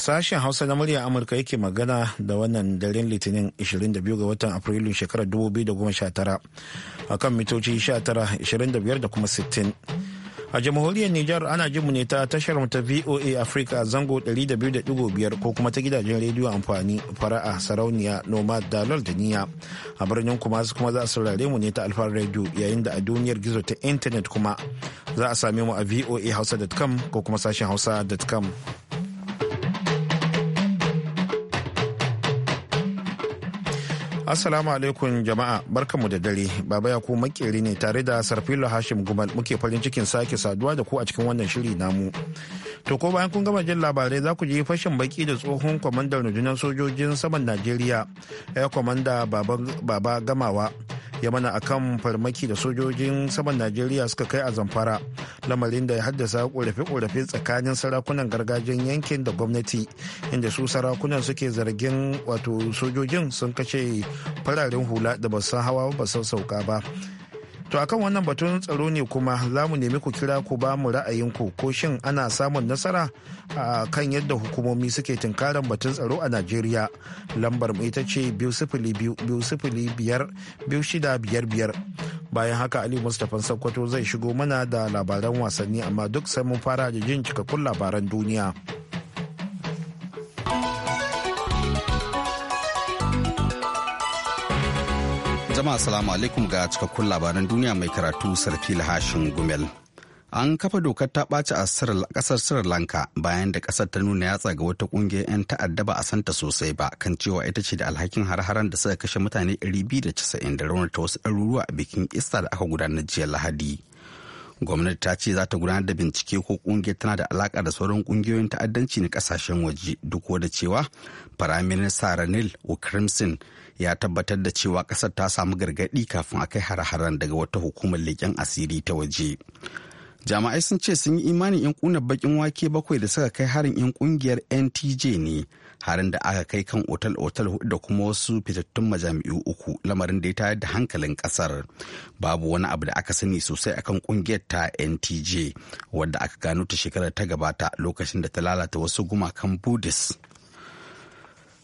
Sashen Hausa na murya Amurka yake magana da wannan daren Litinin 22 ga watan Afrilu shekarar 2019 a kan mitoci 19, 25 da kuma 60. a jamhuriyar Nijar ana jin mu ne ta tashar ta VOA Africa zango 200.5 ko kuma ta gidajen rediyo amfani fara'a sarauniya nomad dalol da niya a birnin kuma su kuma za a saurare mu ne ta alfar rediyo yayin da a duniyar gizo ta intanet kuma za a same mu a voahausa.com ko kuma sashen hausa.com Assalamu alaikum jama'a barkanmu da dare baba ya ku makeri ne tare da Sarfilo Hashim Gumal muke farin cikin sake saduwa da ku a cikin wannan shiri namu. To ko bayan kun gama jin labarai za ku je fashin baki da tsohon kwamandan rundunar sojojin saman Najeriya Air Kwamanda Baba Gamawa ya mana akan farmaki da sojojin saman najeriya suka kai a zamfara lamarin da ya haddasa korafe-korafe tsakanin sarakunan gargajiyar yankin da gwamnati inda su sarakunan suke zargin wato sojojin sun kashe fararen hula da ba hawa ba san sauka ba To akan wannan batun tsaro ne kuma za mu nemi ku kira ku ba mu ra'ayinku ko shin ana samun nasara a kan yadda hukumomi suke tunkarar batun tsaro a Najeriya. Lambar mu ita ce biyu sifili biyu biyu sifili biyar biyu shida biyar biyar. Bayan haka Ali Mustapha Sokoto zai shigo mana da labaran wasanni amma duk sai mun fara da jin cikakkun labaran duniya. Jama'a salamu alaikum ga cikakkun labaran duniya mai karatu sarfil lahashin gumel. An kafa dokar ta ɓaci a ƙasar Sri Lanka bayan da ƙasar ta nuna yatsa ga wata ƙungiyar 'yan ta'adda ba a santa sosai ba kan cewa ita ce da alhakin har-haren da suka kashe mutane 290 da ta wasu ɗaruruwa a bikin Ista da aka gudanar jiya Lahadi. gwamnati ta ce za ta gudanar da bincike ko ƙungiyar tana da alaƙa da sauran ƙungiyoyin ta'addanci na ƙasashen waje duk da cewa minista ranil ya tabbatar da cewa ƙasar ta samu gargaɗi kafin a kai hare-haren daga wata hukumar leƙen asiri ta waje. Jama'ai sun ce sun yi imanin 'yan ƙunar bakin wake bakwai da suka kai harin 'yan ƙungiyar NTJ ne, harin da aka kai kan otal-otal hudu da kuma wasu fitattun majami'u uku lamarin da ya tayar da hankalin ƙasar. Babu wani abu da aka sani sosai akan ƙungiyar ta NTJ, wadda aka gano ta shekarar ta gabata lokacin da ta lalata wasu gumakan Buddhist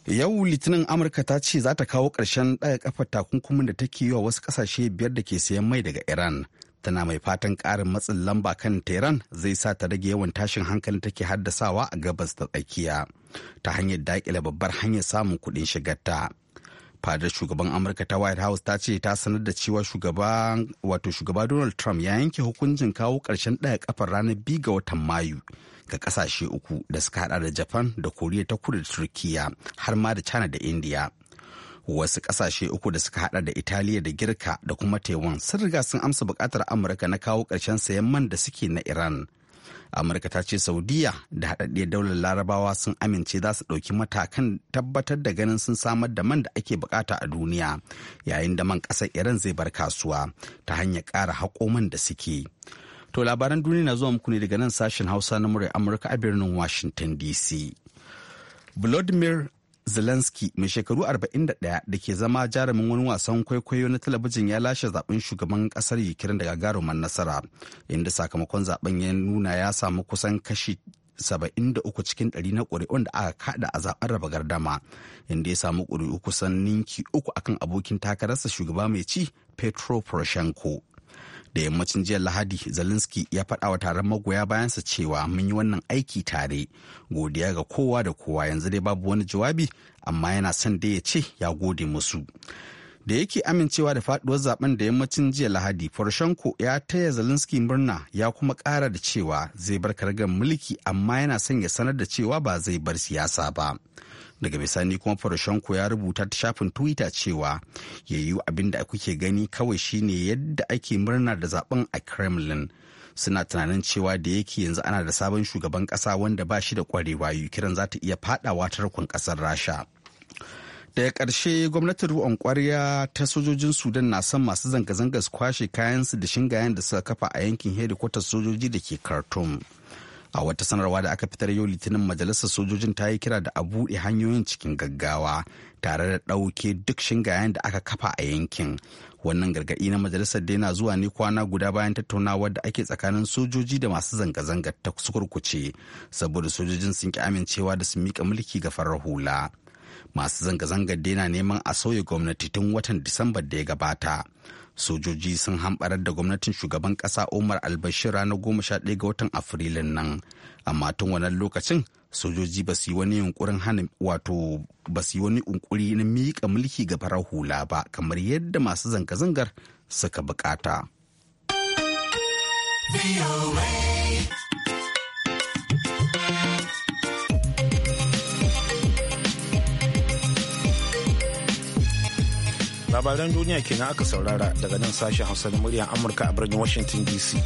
yau litinin amurka ta ce za ta kawo ƙarshen ɗaya kafar takunkumin da take yi wa wasu ƙasashe biyar da ke sayan mai daga iran tana mai fatan ƙarin matsin lamba kan tehran zai sa ta rage yawan tashin hankalin take haddasawa a gabas ta tsakiya ta hanyar daƙile babbar hanyar samun kuɗin shigarta fadar shugaban amurka ta white house ta ce ta sanar da cewa wato shugaba donald trump ya yanke hukuncin kawo ƙarshen ɗaya kafar ranar biyu ga watan mayu ga kasashe uku da suka hada da japan da koriya ta kudu da turkiya har ma da china da india wasu kasashe uku da suka hada da italiya da girka da kuma taiwan sun riga sun amsa bukatar amurka na kawo ƙarshen sayan man da suke na iran amurka ta ce saudiya da haɗaɗɗiyar daular larabawa sun amince za su ɗauki matakan tabbatar da ganin sun samar da man da ake bukata a duniya yayin da man ƙasar iran zai bar kasuwa ta hanyar ƙara haƙo man da suke To labaran duniya na zuwa muku ne daga nan sashen Hausa na murar Amurka a birnin Washington DC. Volodymyr Zelensky mai shekaru 41 da ke zama jarumin wani wasan kwaikwayo na talabijin ya lashe zaben shugaban kasar Ukraine daga gagarumar nasara inda sakamakon zaben ya nuna ya samu kusan kashi 73 cikin 100 na ƙuri'un da aka kada a zaben raba gardama inda ya samu ƙuri'u kusan ninki uku akan abokin takararsa shugaba mai ci Petro Poroshenko. da yammacin jiya lahadi zelensky ya faɗa wa taron magoya bayansa cewa mun yi wannan aiki tare godiya ga kowa da kowa yanzu dai babu wani jawabi amma yana son da ya ce ya gode musu da yake amincewa da faduwar zaben da yammacin jiya lahadi poroshenko ya taya zelensky murna ya kuma kara da cewa zai bar kargar mulki amma yana son ya sanar da cewa ba zai bar siyasa ba daga bisani kuma poroshenko ya rubuta ta shafin twitter cewa yayu abin da kuke gani kawai shine yadda ake murna da zaben a kremlin suna tunanin cewa da yake yanzu ana da sabon shugaban kasa wanda ba shi da kwarewa ukraine za ta iya fadawa ta rukun kasar rasha daga ƙarshe gwamnatin ruwan kwarya ta sojojin sudan na son masu zanga-zanga su kwashe kayansu da shingayen da suka kafa a yankin hedikwatar sojoji da ke khartoum a wata sanarwa da aka fitar yau litinin majalisar sojojin ta yi kira da a buɗe hanyoyin cikin gaggawa tare da ɗauke duk shingayen da aka kafa a yankin wannan gargaɗi na majalisar da yana zuwa ne kwana guda bayan tattaunawar da ake tsakanin sojoji da masu zanga-zanga ta sukurkuce saboda sojojin sun ki amincewa da su miƙa mulki ga farar hula masu zanga-zangar daina neman a sauya gwamnati tun watan disambar da ya gabata sojoji sun hamɓarar da gwamnatin shugaban kasa Umar al-Bashir ranar goma sha ɗaya ga watan Afrilun nan. Amma tun wannan lokacin sojoji ba su yi wani yunkurin hana wato ba su yi wani yunkuri na miƙa mulki ga farar hula ba kamar yadda masu zanga-zangar suka bukata. labaran duniya kenan aka saurara daga nan sashen hausa na muryar amurka a birnin washington dc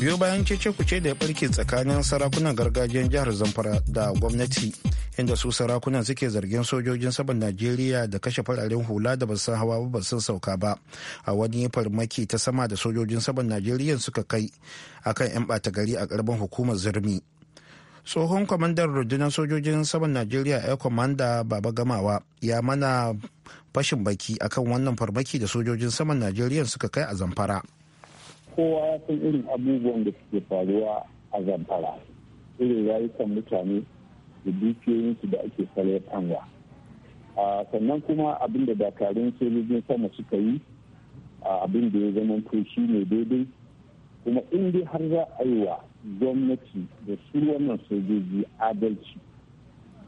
biyo bayan cece kuce da ya barke tsakanin sarakunan gargajiyar jihar zamfara da gwamnati inda su sarakunan suke zargin sojojin saman najeriya da kashe fararen hula da basu hawa ba basu sauka ba a wani farmaki ta sama da sojojin saman najeriya suka kai akan 'yan bata gari a karban hukumar zirmi tsohon kwamandan rundunar sojojin saman najeriya air commander baba gamawa ya mana fashin baki akan wannan farmaki da sojojin saman najeriya suka kai a zamfara kowa ya san irin abubuwan da suke faruwa a zamfara irin rayukan mutane da dukiyoyinsu da ake sarayar kanwa sannan kuma abin da dakarun sojojin sama suka yi abin da ya zama shi ne daidai kuma in dai har za a yi wa gwamnati da su wannan sojoji adalci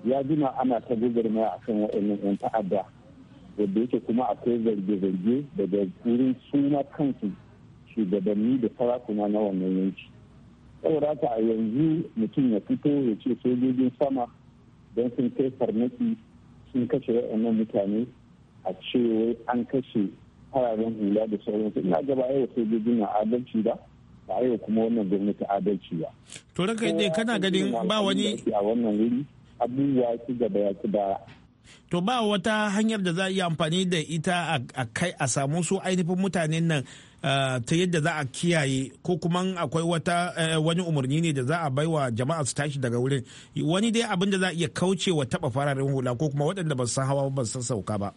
ya jima ana ta gugarmaya a kan waɗannan 'yan ta'adda wadda yake kuma akwai zarge-zarge daga wurin suna kansu shugabanni da sarakuna na wannan yanki saboda ta a yanzu mutum ya fito ya ce sojojin sama don sun kai farmaki sun kashe waɗannan mutane a cewa an kashe fararen hula da sauransu ina gaba yawa sojojin na adalci ba ba a yi kuma wannan gwamnati adalci ba. To ranka yadda kana ganin ba wani. A wannan wuri abubuwa su gaba ya ci ba. To ba wata hanyar da za a yi amfani da ita a kai a samu su ainihin mutanen nan eh, ta yadda za a kiyaye ko kuma akwai wata eh, wani umarni ne da za a baiwa jama'a su tashi daga wurin wani dai abin da za a iya kauce wa taba fararen hula ko kuma waɗanda ba san hawa ba san sauka ba.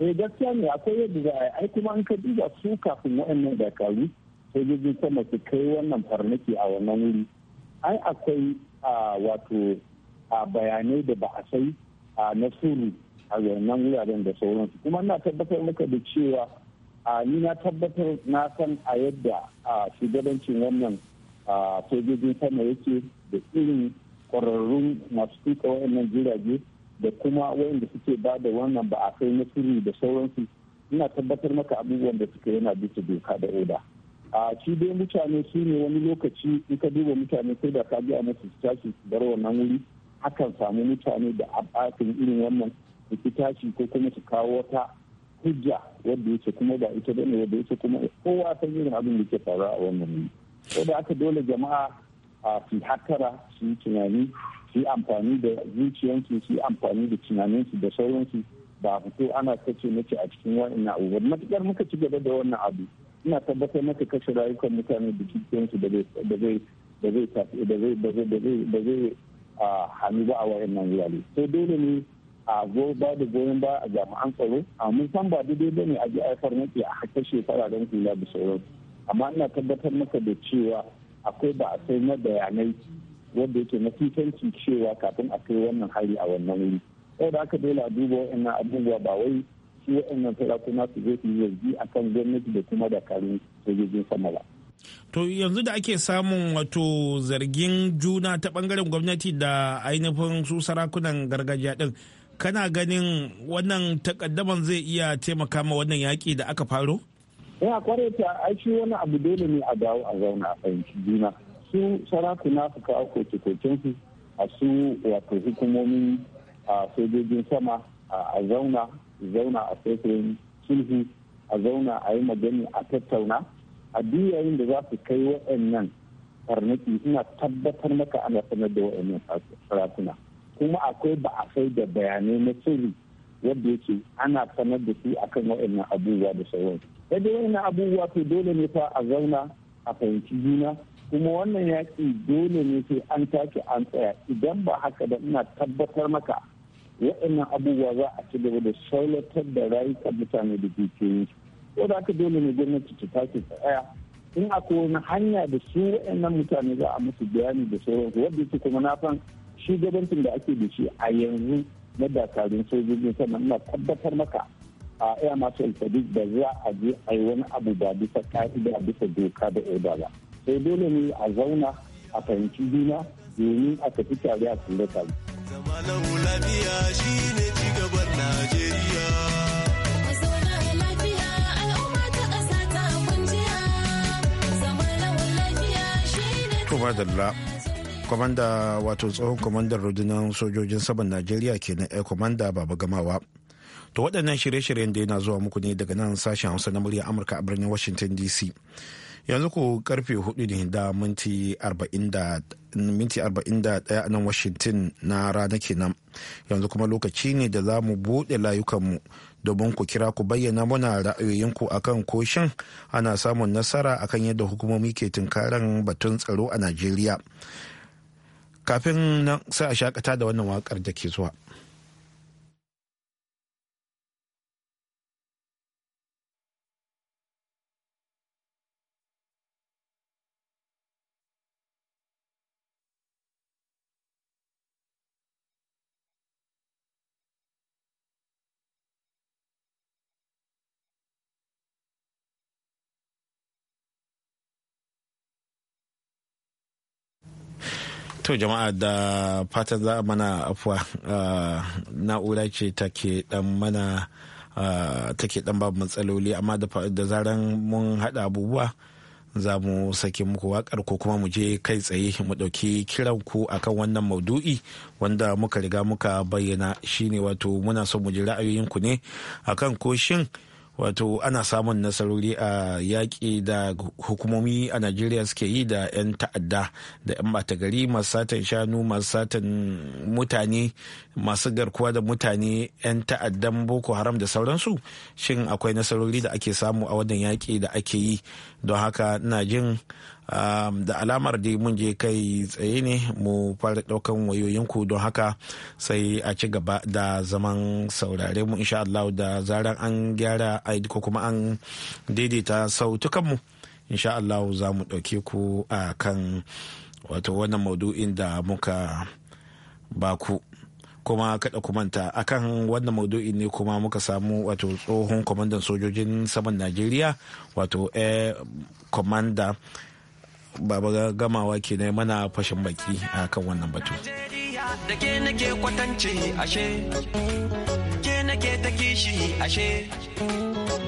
Eh gaskiya ne akwai yadda za a yi ai kuma an ka duba su kafin waɗannan dakaru sojojin sama su kai wannan farmaki a wannan wuri ai akwai wato bayanai da ba a sai na suru a wannan wuraren da sauransu kuma na tabbatar maka da cewa ni na tabbatar na san a yadda shugabancin wannan sojojin sama yake da irin kwararrun masu tuka wayannan jirage da kuma wayanda suke ba da wannan ba a kai na suru da sauransu ina tabbatar maka abubuwan da suka yana bisa doka da oda a shi mutane su ne wani lokaci in ka duba mutane sai da ka biya musu tashi bar wannan wuri akan samu mutane da abakin irin wannan su tashi ko kuma su kawo wata hujja wadda yake kuma ba ita bane wadda yake kuma kowa san irin abin da ke faruwa a wannan wuri ko da aka dole jama'a a fi hakara su yi tunani su yi amfani da zuciyansu su yi amfani da tunaninsu da sauransu ba fito ana kace mace a cikin wa'annan abubuwan matuƙar muka ci gaba da wannan abu ina tabbatar maka kashe rayukan mutane da cikinsu da zai hannu ba a wayannan wurare sai dole ne a go ba da goyon ba a jami'an tsaro a mun san ba daidai ba ne a ji aifar nake a kashe fararen kula da sauran amma ina tabbatar maka da cewa akwai ba a sai na bayanai wanda yake na fitanci cewa kafin a kai wannan hari a wannan wuri da aka dole a duba wa'annan abubuwa ba wai su waɗannan sarakuna su zo su yi yanzu a kan gwamnati da kuma dakarun sojojin sama ba. To yanzu da ake samun wato zargin juna ta bangaren gwamnati da ainihin su sarakunan gargajiya din kana ganin wannan takaddaman zai iya taimaka ma wannan yaƙi da aka faro? Ya kware ta aiki wani abu dole ne a dawo a zauna a fahimci juna. Su sarakuna su kawo koke su a su wato hukumomin sojojin sama a zauna zauna a sokoyin sulhu a zauna a yi magani a tattauna a duk yayin da za su kai waɗannan farnaki suna tabbatar maka ana sanar da waɗannan sarakuna kuma akwai ba a sai da bayanai na sirri yadda yake ana sanar da su akan waɗannan abubuwa da sauran yadda waɗannan abubuwa to dole ne fa a zauna a fahimci juna kuma wannan yaƙi dole ne sai an take an tsaya idan ba haka da ina tabbatar maka waɗannan abubuwa za a ci gaba da saulatar da rayukan mutane da dukiyoyin su ko da aka dole ne gwamnati ta take tsaya in akwai wani hanya da su waɗannan mutane za a musu bayani da sauransu wadda su kuma na san shugabancin da ake da shi a yanzu na dakarun sojojin sama ina tabbatar maka a iya masu alfadik da za a je a yi wani abu ba bisa ka'ida bisa doka da oda ba sai dole ne a zauna a fahimci juna domin a tafi tare a tare Zama lafiya shine cigaban Najeriya. Madalla. Kwamanda wato tsohon kwamandan rundunar sojojin saman Najeriya kenan Air eh, Kwamanda Baba Gamawa. To waɗannan shirye-shiryen da yana zuwa muku ne daga nan sashen Hausa na murya Amurka a birnin Washington DC. yanzu ku karfe hudu ne da minti 41 a nan washington na rana kenan yanzu kuma lokaci ne da za mu buɗe layukanmu domin ku kira ku bayyana muna ra'ayoyinku akan ko shan ana samun nasara akan yadda hukumomi ke tunkaran batun tsaro a najeriya kafin nan sai a shakata da wannan wakar da ke zuwa To jama'a da fatan za a mana afuwa na'ura ce take dan mana take dan babu matsaloli amma da zaran mun hada abubuwa za mu sake muku wakar ko kuma mu je kai tsaye mu ɗauki kiran ku akan wannan maudu'i wanda muka riga muka bayyana shine wato muna so mu ji ku ne akan ko shin wato ana samun nasarori a yaƙi da hukumomi a najeriya suke yi da 'yan ta'adda da 'yan bata gari masu satan shanu masu satan mutane masu garkuwa da mutane 'yan ta'addan boko haram da sauransu shin akwai nasarori da ake samu a wannan yaƙi da ake yi don haka na jin da alamar da mun je kai tsaye ne mu fara daukan wayoyinku don haka sai a ci gaba da zaman saurare mu insha Allah da zaran an gyara aidi ko kuma an daidaita sautukanmu insha Allah za mu ɗauke ku a kan wato wannan maudu'in da muka baku. kuma kada ku manta akan wannan maudu'i ne kuma muka samu wato tsohon kwamandan sojojin saman najeriya wato air commander baba gamawa ke na mana fashin baki a kan wannan batu. Da ke nake ta kishi ashe,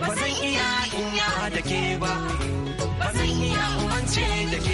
ba zan iya inya da ke ba, ba zan iya umance da ke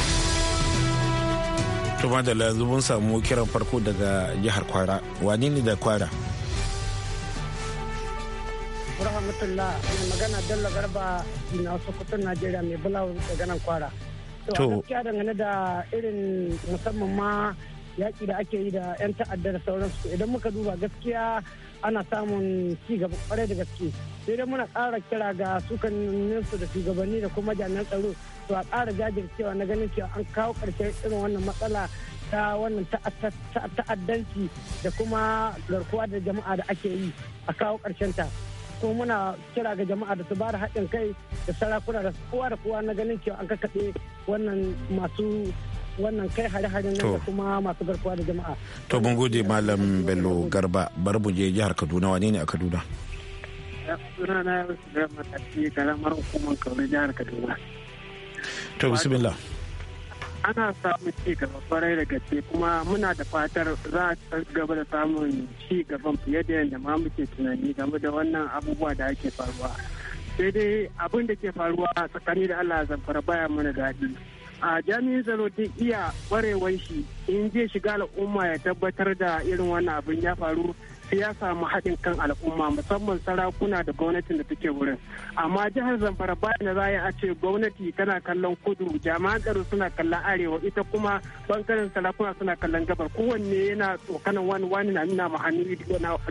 to madalla yanzu mun samu kiran farko daga jihar kwara wani ne da kwara rahmatullah mai magana dalla garba na sokoto najeriya mai bulawa daga nan kwara to gaskiya dangane da irin musamman ma yaƙi da ake yi da 'yan ta'adda da sauransu idan muka duba gaskiya ana samun ci gaba kwarai da gaske sai dai muna ƙara kira ga su da shugabanni da kuma jami'an tsaro to a ƙara jajircewa na ganin cewa an kawo ƙarshen irin wannan matsala ta wannan ta'addanci da kuma garkuwa da jama'a da ake yi a kawo ƙarshen ta ko muna kira ga jama'a da su ba da haɗin kai da sarakuna da kowa da kowa na ganin cewa an kakkaɓe wannan masu wannan kai hare-haren nan kuma masu garkuwa da jama'a to mun gode malam bello garba bar mu je jihar kaduna wane ne a kaduna suna na da mataki karamar hukumar kaduna jihar kaduna to bismillah ana samun ci gaba farai da gaske kuma muna da fatar za a gaba da samun ci gaban fiye da yadda ma muke tunani game da wannan abubuwa da ake faruwa sai dai abin da ke faruwa tsakani da allah zamfara baya mana daɗi a jami'in tsaro duk iya kwarewar shi in zai shiga al'umma ya tabbatar da irin wannan abin ya faru ya samu haɗin kan al'umma musamman sarakuna da gwamnatin da take wurin amma jihar zamfara bayan da za a ce gwamnati tana kallon kudu jama'an tsaro suna kallon arewa ita kuma bangaren sarakuna suna kallon gabar kowanne yana tsokanan wani wani na nuna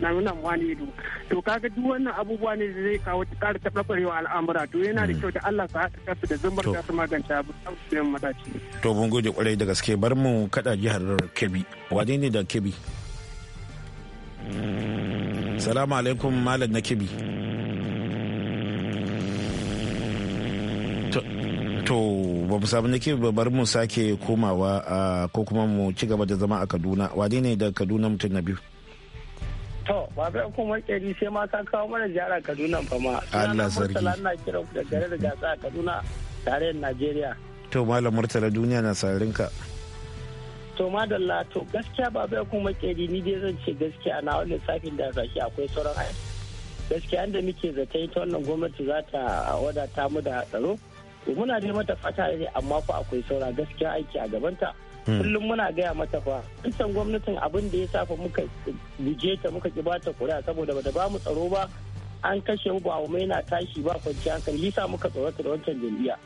na nuna ido to kaga duk wannan abubuwa ne da zai kawo ƙara taɓarɓarewa al'amura to yana da hmm. kyau da Allah su haɗa kasu da zumbar da su magance abu mataci. To mun gode kwarai da gaske bar mu kaɗa jihar Kebbi. wajen ne da Kebbi? salamu alaikum malam Nakibi to ba mu samu ba bari mu sake komawa ko kuma mu ci gaba da zama a kaduna wane ne da kaduna mutum na biyu to ba zai kuma makeri sai ma ka kawo mana ziyara kaduna ba ma allah sarki na kira ku da gare da gasa a kaduna da najeriya to malam murtala duniya na sarinka to madalla to gaskiya ba bai kuma makeri ni dai zan ce gaskiya na wani safin da rashi akwai sauran aiki gaskiya da muke zata ta wannan gwamnati za ta wadata mu da tsaro muna dai mata fata ne amma fa akwai saura gaskiya aiki a gabanta hmm. kullum muna gaya mata fa dukkan gwamnatin abin da ya safa muka bije ta muka ki bata saboda da ba mu tsaro ba an kashe mu ba mai na tashi ba kwanciyar hankali yasa muka tsorata da wancan jami'a.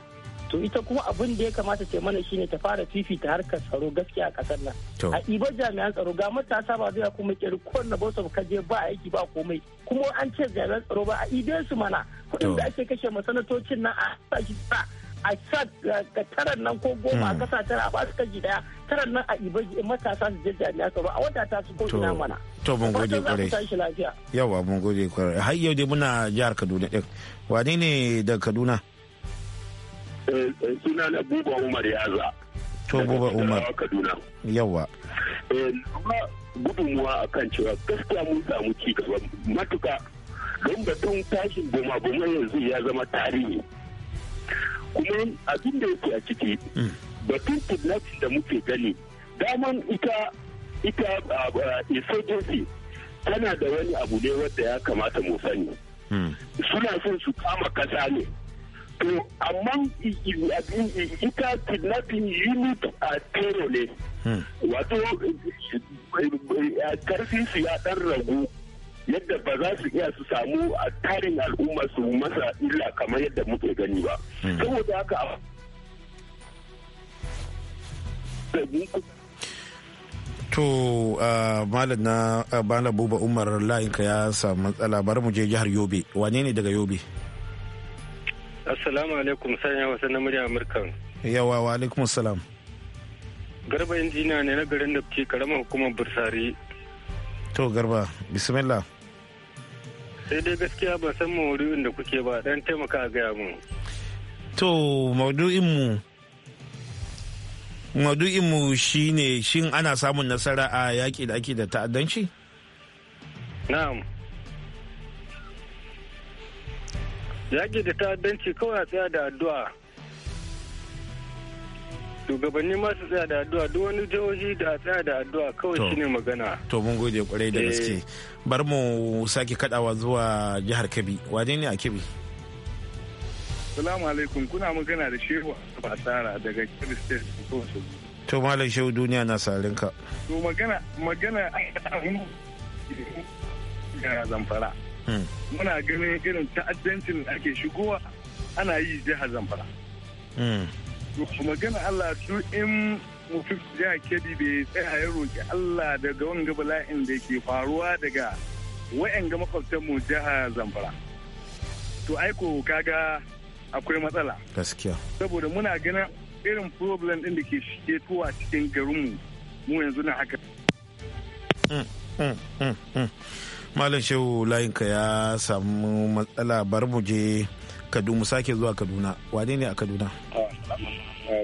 to ita kuma abin da ya kamata ce mana shine ta fara fifita harkar tsaro gaskiya a kasar nan a ibar jami'an tsaro ga matasa ba zai kuma kiri kowanne bosa ka je ba aiki ba komai kuma an ce jami'an tsaro ba a idan su mana kuɗin da ake kashe masanatocin nan a sashi ba a sa taran nan ko goma a kasa hmm. tara a ba su kaji daya taran nan a ibar matasa su je jami'an tsaro a wata ta su ko ina mana to mun gode kwarai yawa mun gode kwarai har yau dai muna jihar kaduna din wane ne da kaduna Eh, eh, suna na buba umar yaza to buba umar yawa eh, gudunmuwa a kan cewa gaskiya mun samu ci gaba matuka don batun tashin goma goma yanzu ya zama tarihi kuma abin da yake a ciki mm. batun kidnap da muke gani daman ita ita insurgency tana da wani abu ne wadda ya kamata mu sani mm. suna son su kama kasa ne to amma ita kidnapping unit a tero ne hmm. wato eh, eh, karfi su ya dan ragu yadda ba za su iya su samu a tarin al'umma su masa illa kamar yadda muke gani ba hmm. saboda haka To ah, malam na bana ah, Buba Umar layinka ya samu matsala bari mu je jihar Yobe. Wane ne daga Yobe? Assalamu alaikum sanya wasu na murya Amurka. Yawa wa alaikum salam. Garba injina ne na garin da ke karamar hukumar Bursari. To garba, bismillah. Sai dai gaskiya ba san maudu'in da kuke ba dan taimaka a gaya mu. To maudu'in mu maudu'in mu shine shin ana samun nasara a yaƙi da ake da ta'addanci? Na'am. yaƙi da ta'addanci kawai a tsaya da addu'a shugabanni masu tsaya da addu'a duk wani jihohi da a tsaya da addu'a kawai shine magana to mun gode kwarai da gaske bar mu sake kadawa zuwa jihar kebbi waje ne a kebbi salamu alaikum kuna magana da shehu a? tsara daga kebbi state to malam shehu duniya na sarinka to magana magana a zamfara muna ganin irin ta'addancin da ake shigowa ana yi jihar zamfara hmm. magana allah su in mutum jihar kebbi bai tsaya ya roƙi allah daga wanga bala'in da ke faruwa daga wa'yan ga mu jihar zamfara to aiko kaga akwai matsala gaskiya saboda muna ganin irin problem din da ke shige tuwa cikin garinmu mu yanzu na haka hmm, hmm, malam shehu layinka ya samu matsala bar mu je kaduna mu sake zuwa kaduna wane ne a kaduna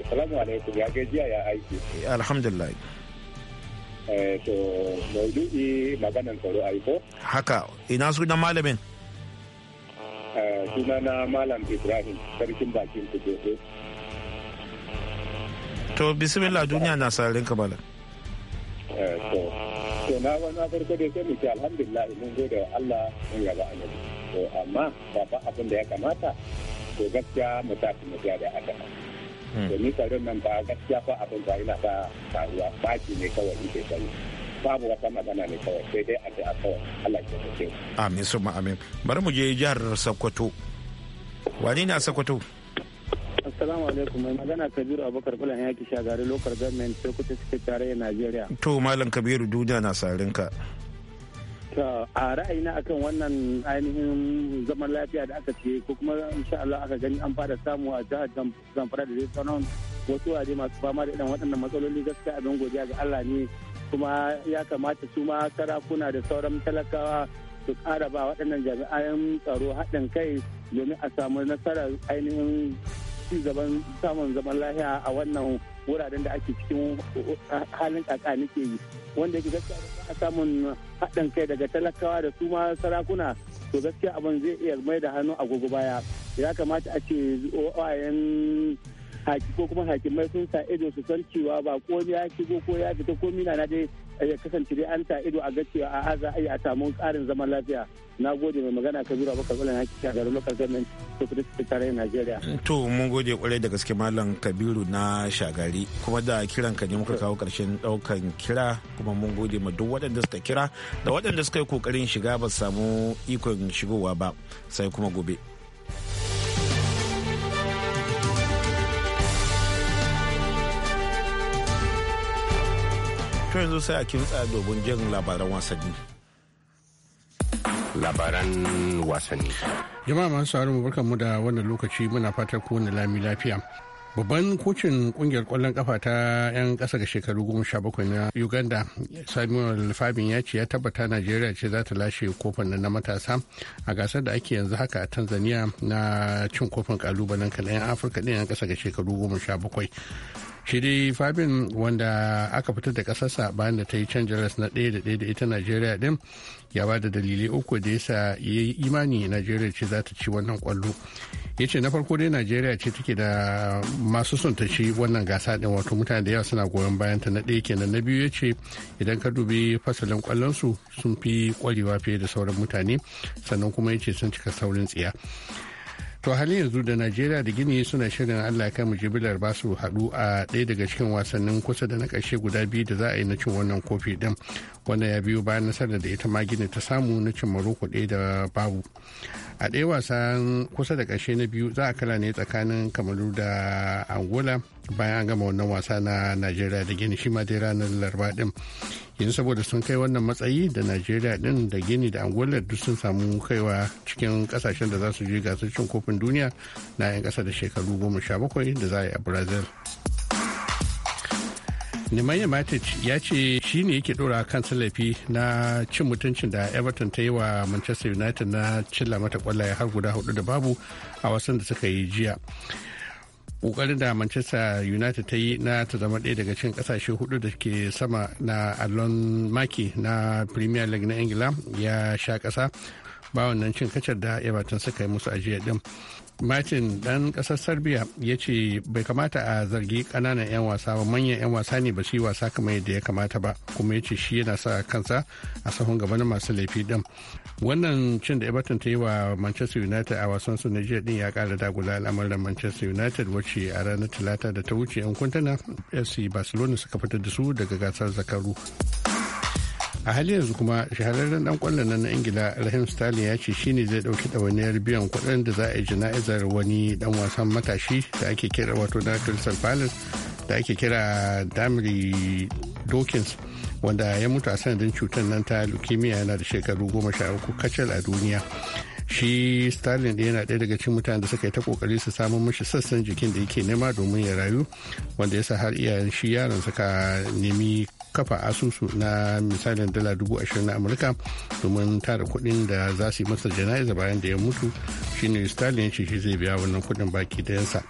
salamu alaikum ya gajiya ya aiki alhamdulillah eh, to maudu'i maganan tsaro aiko haka ina sunan malamin eh, Suna na malam ibrahim sarkin bakin kujoto to bismillah duniya na sararin kamala eh, to to na na farko da sai mu ce alhamdulillah mun gode wa Allah mun yaba annabi to amma ba abin da ya kamata to gaskiya mu tafi mu da aka hmm. ni tsaron nan ba gaskiya fa abin ba yana ta faruwa baki ne kawai yake sani babu wata magana ne kawai sai dai a ce a kawai Allah ya tafi amin summa amin bari mu je jihar Sokoto wani na Sokoto Assalamu alaikum mai magana Kabiru Abubakar Bulan yaki shagari local government Sokoto State tarayyar Najeriya. To Malam Kabiru duniya na sarinka. To a ra'ayina akan wannan ainihin zaman lafiya da aka ce ko kuma insha Allah aka gani an fara samu a jihar Zamfara da sauran wasu waje masu fama da irin waɗannan matsaloli gaskiya abin godiya ga Allah ne kuma ya kamata su ma sarakuna da sauran talakawa su ƙara ba waɗannan jami'an tsaro haɗin kai domin a samu nasarar ainihin ci gaban samun zaman lahiya a wannan wuraren da ake cikin halin kaka nake yi wanda yake gaskiya a samun haɗin kai daga talakawa da su ma sarakuna to gaskiya abin zai iya mai da hannu agogo baya ya kamata a ce wayan haki ko kuma hakimai sun sa ido su san cewa ba ko ya shigo ko ya fita ko mina na dai eh, ya kasance dai an sa ido a ga cewa a za a yi a samu karin zaman lafiya na gode mai magana ka zura baka bala na kika garin lokal government to kuma ta tare Najeriya to mun gode kwarai da gaske mallam Kabiru na Shagari kuma da kiran ka ne muka kawo karshen daukan kira kuma mun gode ma duk waɗanda suka kira da waɗanda suka yi kokarin shiga ba su samu ikon shigowa ba sai kuma gobe To yanzu sai a kintsa domin jin labaran wasanni. Labaran wasanni. Jama'a masu mu barkan mu da wannan lokaci muna fatar kowane lami lafiya. Babban kocin kungiyar kwallon kafa ta 'yan kasa ga shekaru goma sha bakwai na Uganda, Samuel Fabin ya ce ya tabbata Najeriya ce za ta lashe kofin na matasa a gasar da ake yanzu haka a Tanzania na cin kofin kalubalen kan 'yan Afirka ɗin 'yan kasa ga shekaru goma sha bakwai. shi dai fabin wanda aka fitar da kasarsa bayan da ta yi canjin ras na ɗaya da ɗaya da ita najeriya din ya ba da dalilai uku da yasa ya yi imani najeriya ce za ta ci wannan kwallo ya ce na farko dai najeriya ce take da masu son ta ci wannan gasa ɗin wato mutane da yawa suna goyon bayan ta na ɗaya kenan na biyu ya ce idan ka dubi fasalin kwallon su sun fi kwarewa fiye da sauran mutane sannan kuma ya ce sun cika saurin tsiya to halin yanzu da najeriya da gini suna shirin allah kan jibilar ba su hadu a ɗaya daga cikin wasannin kusa da na ƙarshe guda biyu da za a yi na cin wannan kofi din wanda ya biyu bayan nasarar da ita ma gini ta samu na cin maroko ɗaya da babu a ɗaya wasan kusa da ƙarshe na biyu za a kala ne tsakanin kamaru da angola bayan an gama wannan wasa na najeriya da gini shi ma dai ranar laraba din. yanzu saboda sun kai wannan matsayi da najeriya din da gini da angola duk sun samu kaiwa cikin kasashen da za su je gasar cin kofin duniya na 'yan kasa da shekaru goma sha bakwai da za a yi a brazil Nemanja Matic ya ce shi ne yake dora kan salafi na cin mutuncin da Everton ta yi wa Manchester United na cilla mata kwallaye har guda hudu da babu a wasan da suka yi jiya. kokarin da manchester united ta yi na ta zama ɗaya daga cikin ƙasashe hudu da ke sama na allon maki na premier league na ingila ya sha ƙasa ba wannan cin kacar da everton suka yi musu ajiya din martin dan kasar serbia ya ce bai kamata a zargi kananan 'yan wasa ba manyan 'yan wasa ne ba shi wasa kamar yadda ya kamata ba kuma ya ce shi yana sa kansa a sahun gabanin masu laifi din wannan cin da everton ta yi wa manchester united a wasan su jiya din ya kara dagula al'amarin manchester united wacce a ranar talata da ta wuce 'yan kuntana fc barcelona suka fitar da su daga gasar zakaru. a halin yanzu kuma shahararren dan kwallon nan na ingila rahim sterling ya ce shine zai dauki ɗawainiyar biyan kuɗin da za a yi jana'izar wani dan wasan matashi da ake kira wato na crystal palace da ake kira damiri dawkins wanda ya mutu a sanadin cutar nan ta leukemia yana da shekaru goma sha uku kacal a duniya shi stalin da yana ɗaya daga cikin mutanen da suka yi ta kokari su samu mashi sassan jikin da yake nema domin ya rayu wanda ya sa har iyayen shi yaron suka nemi kafa asusu na misalin dala dubu ashirin na amurka domin tara kuɗin da za su yi masa janayiza bayan da ya mutu shine stalin shi shi zai biya wannan kuɗin baki dayansa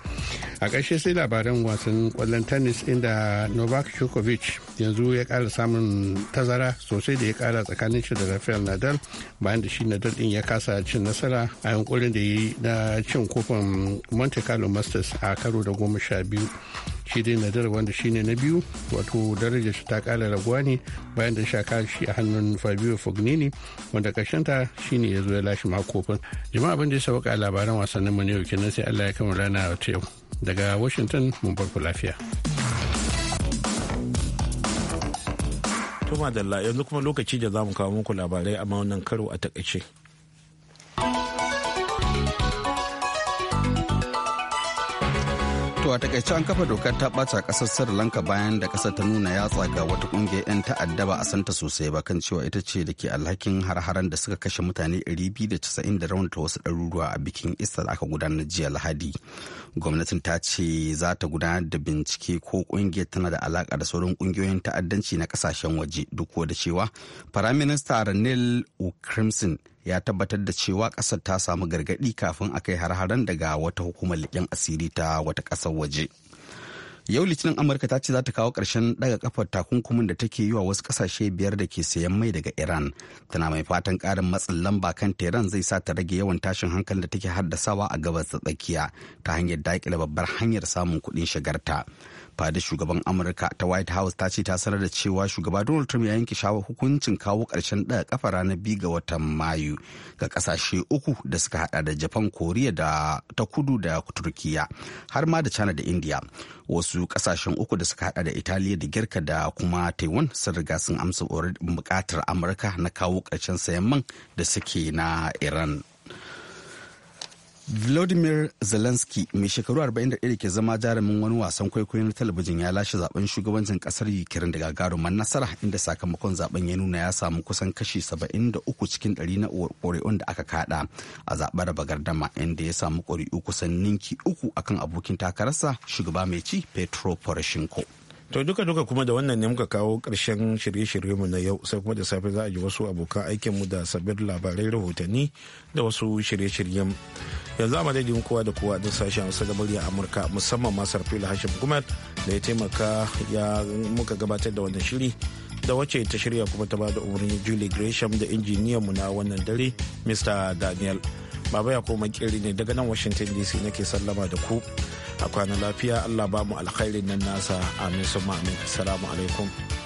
a ƙarshe sai labaran wasan kwallon tennis inda novak djokovic yanzu ya kara samun tazara sosai da ya kara tsakanin shi da rafael nadal bayan da shi nadal din ya kasa cin nasara a yankurin da ya yi na cin kofin monte carlo masters a karo da goma sha biyu shi dai nadar wanda shine na biyu wato darajar shi ta kala raguwa ne bayan da shaka shi a hannun fabio fognini wanda karshen ta shine ya zo ya lashe makofin jama'a abin da ya sauka labaran wasannin mu ne yau kenan sai allah ya kama rana a yau daga washington mun farko lafiya tuma da yanzu kuma lokaci da za mu kawo muku labarai amma wannan karo a takaice. To a takaice an kafa dokar ta ɓata a ƙasar Sri Lanka bayan da ƙasar ta nuna yatsa ga wata ƙungiyar 'yan ta'adda ba a santa sosai ba kan cewa ita ce da ke alhakin har-haren da suka kashe mutane 290 da raunata wasu ɗaruruwa a bikin Easter aka gudanar jiya Lahadi. gwamnatin ta ce za ta gudanar da bincike ko kungiyar tana da alaƙa da sauran kungiyoyin ta'addanci na kasashen waje duk da cewa firaminista ranil ukrimson ya tabbatar da cewa ƙasar ta samu gargadi kafin a kai har-haren daga wata hukumar leƙen asiri ta wata ƙasar waje. yau litinin amurka ta ce za ta kawo ƙarshen daga kafar takunkumin da take yi wa wasu ƙasashe biyar da ke sayan mai daga iran tana mai fatan ƙarin matsin lamba kan tehran zai sa ta rage yawan tashin hankalin da take haddasawa a gabas da tsakiya ta hanyar daƙile babbar hanyar samun kuɗin shigarta fada shugaban amurka ta white house ta ce ta sanar da cewa shugaba donald trump ya yanke shawar hukuncin kawo karshen ɗaga kafa ranar biyu ga watan mayu ga kasashe uku da suka hada da japan koriya da ta kudu da turkiya har ma da china da india wasu ƙasashen uku da suka hada da italiya da girka da kuma taiwan sun riga sun amsa buƙatar amurka na kawo karshen sayan man da suke na iran Vladimir Zelensky mai shekaru 41 ke zama jarumin wani wasan kwaikwayo na talabijin ya lashe zaben shugabancin kasar Ukraine da gagarumar nasara inda sakamakon zaben ya nuna ya samu kusan kashi 73 cikin 100 na ƙuri'un da aka kada a zaɓar raba gardama inda ya samu ƙuri'u kusan ninki uku akan abokin takararsa shugaba mai ci Petro Poroshenko. To duka duka kuma da wannan ne muka kawo karshen shirye mu na yau sai kuma da safe za a ji wasu abokan mu da sabbin labarai rahotanni da wasu shirye-shiryen. Yanzu a madadin kowa da kowa da sashen Hausa da murya Amurka musamman ma Sarfila Hashim Gumar da ya taimaka ya muka gabatar da wannan shiri da wacce ta shirya kuma ta bada umarni Julie Gresham da mu na wannan dare Mr. Daniel. Baba ya koma ne daga nan Washington DC nake sallama da ku. a kwana lafiya allah ba mu alkhairin nan nasa amin sun amin assalamu alaikum